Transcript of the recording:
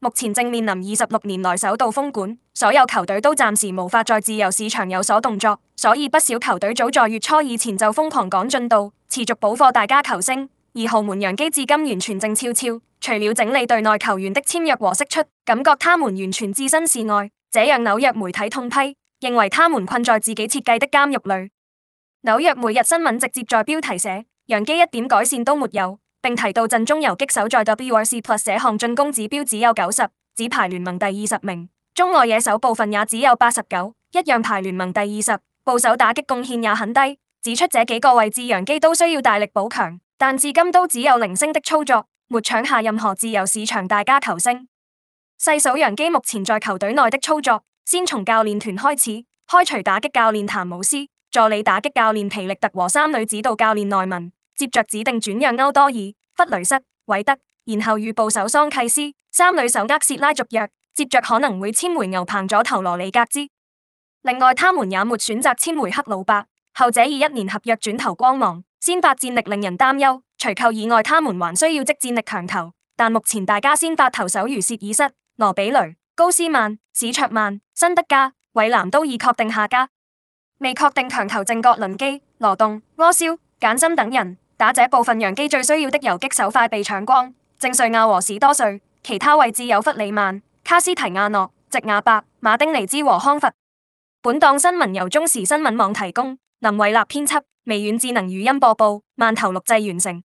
目前正面臨二十六年來首度封館，所有球隊都暫時無法在自由市場有所動作，所以不少球隊早在月初以前就瘋狂趕進度，持續補貨大咖球星。而豪門洋基至今完全靜悄悄，除了整理隊內球員的簽約和釋出，感覺他們完全置身事外，這讓紐約媒體痛批，認為他們困在自己設計的監獄裏。紐約每日新聞直接在標題寫：洋基一點改善都沒有。並提到陣中游擊手在 wRC+ 這項進攻指標只有九十，只排聯盟第二十名；中外野手部分也只有八十九，一樣排聯盟第二十，捕手打擊貢獻也很低。指出這幾個位置洋基都需要大力補強，但至今都只有零星的操作，沒搶下任何自由市場大咖球星。細數洋基目前在球隊內的操作，先從教練團開始，開除打擊教練譚姆斯、助理打擊教練皮力特和三壘指導教練內文。接着指定轉讓歐多爾、弗雷瑟、韋德，然後預報手桑契斯、三壘手厄切拉續約，接着可能會簽回牛棚左投羅里格茲。另外，他們也沒選擇簽回克魯伯，後者以一年合約轉投光芒，先發戰力令人擔憂。除球以外，他們還需要即戰力強投，但目前大家先發投手如謝爾塞、羅比雷、高斯曼、史卓曼、辛德加、韋南都已確定下家，未確定強投正角林基、羅棟、柯肖、簡森等人。打者部分，洋基最需要的游擊手快被搶光，正瑞亞和士多瑞。其他位置有弗里曼、卡斯提亞諾、席亞伯、馬丁尼茲和康佛。本檔新聞由中時新聞網提供，林偉立編輯，微軟智能語音播報，曼頭錄製完成。